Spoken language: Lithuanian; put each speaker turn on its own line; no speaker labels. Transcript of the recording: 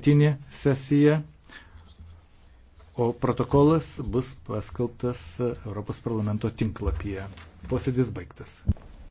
pietinė sesija, o protokolas bus paskelbtas Europos parlamento tinklapyje. Posėdis baigtas.